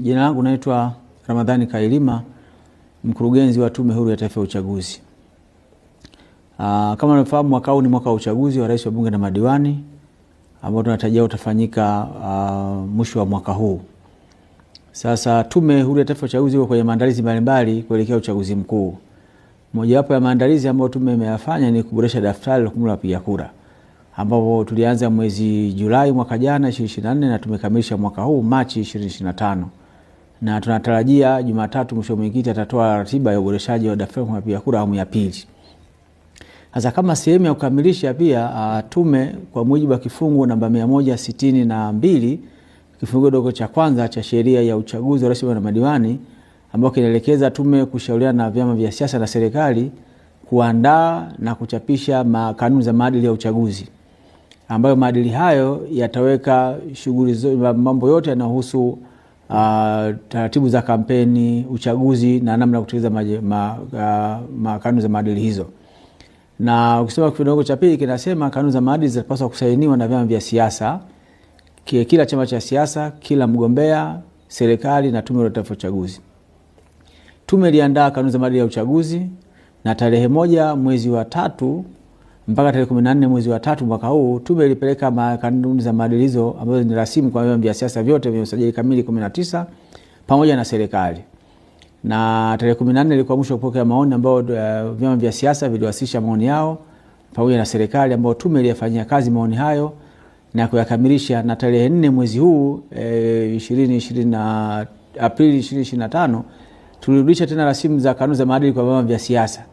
Jina langu naitwa Ramadhani Kailima, mkurugenzi wa Tume Huru ya Taifa ya Uchaguzi. Aa, ah, kama unafahamu mwaka huu ni mwaka wa uchaguzi wa rais wa bunge na madiwani ambao tunatarajia utafanyika ah, mwisho wa mwaka huu. Sasa Tume Huru ya Taifa ya Uchaguzi iko kwenye maandalizi mbalimbali kuelekea uchaguzi mkuu. Mojawapo ya maandalizi ambayo tume imeyafanya ni kuboresha daftari la kumla wapiga kura ambapo tulianza mwezi Julai mwaka jana 2024 na tumekamilisha mwaka huu Machi 2025 na tunatarajia Jumatatu mwisho mwenyekiti atatoa ratiba ya uboreshaji wa daftari la wapiga kura awamu ya pili. Sasa kama sehemu ya kukamilisha pia uh, tume kwa mujibu wa kifungu namba na mbili kifungu kidogo cha kwanza cha sheria ya uchaguzi wa rais na madiwani ambayo kinaelekeza tume kushauriana na vyama vya siasa na serikali kuandaa na kuchapisha kanuni za maadili ya uchaguzi ambayo maadili hayo yataweka shughuli mambo yote yanayohusu uh, taratibu za kampeni, uchaguzi na namna ya kutekeleza ma, uh, kanuni za maadili hizo. Na ukisoma kifungu cha pili kinasema kanuni za maadili zinapaswa kusainiwa na vyama vya siasa, kila chama cha siasa, kila mgombea, serikali na Tume ya Uchaguzi. Tume iliandaa kanuni za maadili ya uchaguzi na tarehe moja mwezi wa tatu mpaka tarehe kumi na nne mwezi wa tatu mwaka huu tume ilipeleka kanuni za maadilizo ambazo ni rasimu kwa vyama vya siasa vyote vyenye usajili kamili kumi na tisa pamoja na serikali na tarehe kumi na nne ilikuwa mwisho kupokea maoni ambao uh, eh, vyama vya siasa viliwasilisha maoni yao pamoja na serikali ambao tume iliyafanyia kazi maoni hayo na kuyakamilisha na tarehe nne mwezi huu e, 20, 20, Aprili 2025 tulirudisha tena rasimu za kanuni za maadili kwa vyama vya siasa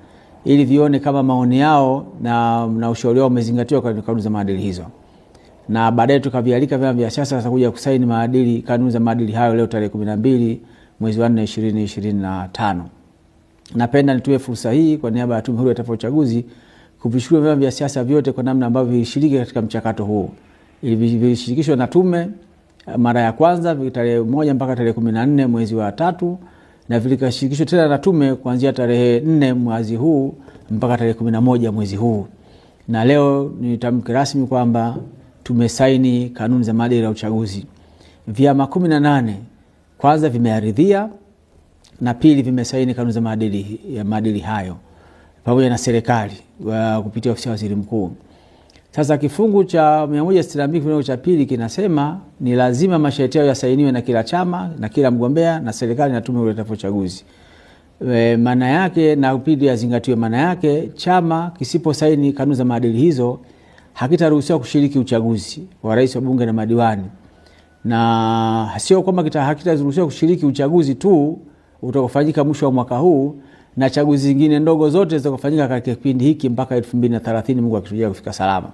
ili vione kama maoni yao na, na ushauri wao umezingatiwa kwa kanuni za maadili hizo, na baadaye tukavialika vyama vya siasa sasa kuja kusaini maadili, kanuni za maadili hayo leo tarehe kumi na mbili mwezi wa nne ishirini ishirini na tano. Napenda nitumie fursa hii kwa niaba ya Tume Huru ya Taifa ya Uchaguzi kuvishukuru vyama vya siasa vyote kwa namna ambavyo vilishiriki katika mchakato huu. Vilishirikishwa na tume eh, mara ya kwanza tarehe moja mpaka tarehe kumi na nne mwezi wa tatu na vilikashirikishwa tena na tume kuanzia tarehe nne mwezi huu mpaka tarehe kumi na moja mwezi huu, na leo nitamke rasmi kwamba tumesaini kanuni za maadili ya uchaguzi. Vyama kumi na nane kwanza vimearidhia na pili vimesaini kanuni za maadili, maadili hayo pamoja na serikali kupitia ofisi ya waziri mkuu. Sasa kifungu cha 162 cha pili kinasema ni lazima masharti hayo yasainiwe na kila chama na kila mgombea na serikali na tume ya uchaguzi. E, maana yake na pidi yazingatiwe. Maana yake chama kisiposaini kanuni za maadili hizo hakitaruhusiwa kushiriki uchaguzi wa rais wa bunge na madiwani, na sio kwamba hakitaruhusiwa kushiriki uchaguzi tu utakofanyika mwisho wa mwaka huu na chaguzi zingine ndogo zote zitakofanyika katika kipindi hiki mpaka elfu mbili na thelathini Mungu akitujia kufika salama.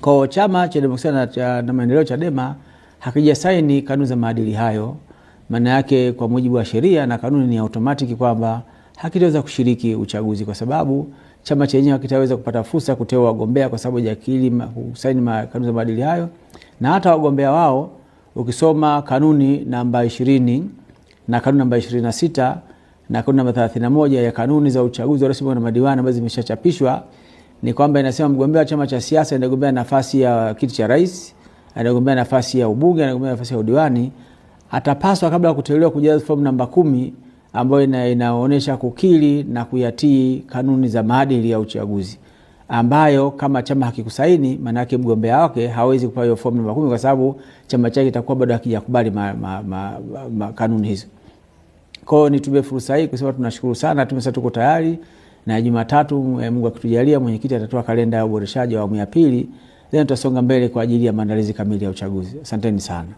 Kwa chama cha demokrasia na, na maendeleo Chadema hakijasaini kanuni za maadili hayo. Maana yake kwa mujibu wa sheria na kanuni ni automatic kwamba hakitaweza kushiriki uchaguzi kwa sababu chama chenyewe hakitaweza kupata fursa kuteua wagombea kwa sababu hajakiri kusaini kanuni za maadili hayo, na hata wagombea wao ukisoma kanuni namba ishirini na kanuni namba ishirini na sita na kuna namba moja ya kanuni za uchaguzi wa rais na madiwani ambazo zimeshachapishwa ni kwamba inasema mgombea wa chama cha siasa anagombea nafasi ya kiti cha rais, anagombea nafasi ya ubunge, anagombea nafasi ya udiwani, atapaswa kabla ya kuteuliwa kujaza fomu namba kumi ambayo ina, inaonyesha kukiri na kuyatii kanuni za maadili ya uchaguzi, ambayo kama chama hakikusaini, maana yake mgombea wake hawezi kupewa hiyo fomu namba kumi kwa sababu chama chake kitakuwa bado hakijakubali kanuni hizo kwao nitumie fursa hii kusema tunashukuru sana, tumesa tuko tayari na Jumatatu eh, Mungu akitujalia, mwenyekiti atatoa kalenda ya uboreshaji wa awamu ya pili, then tutasonga mbele kwa ajili ya maandalizi kamili ya uchaguzi. Asanteni sana.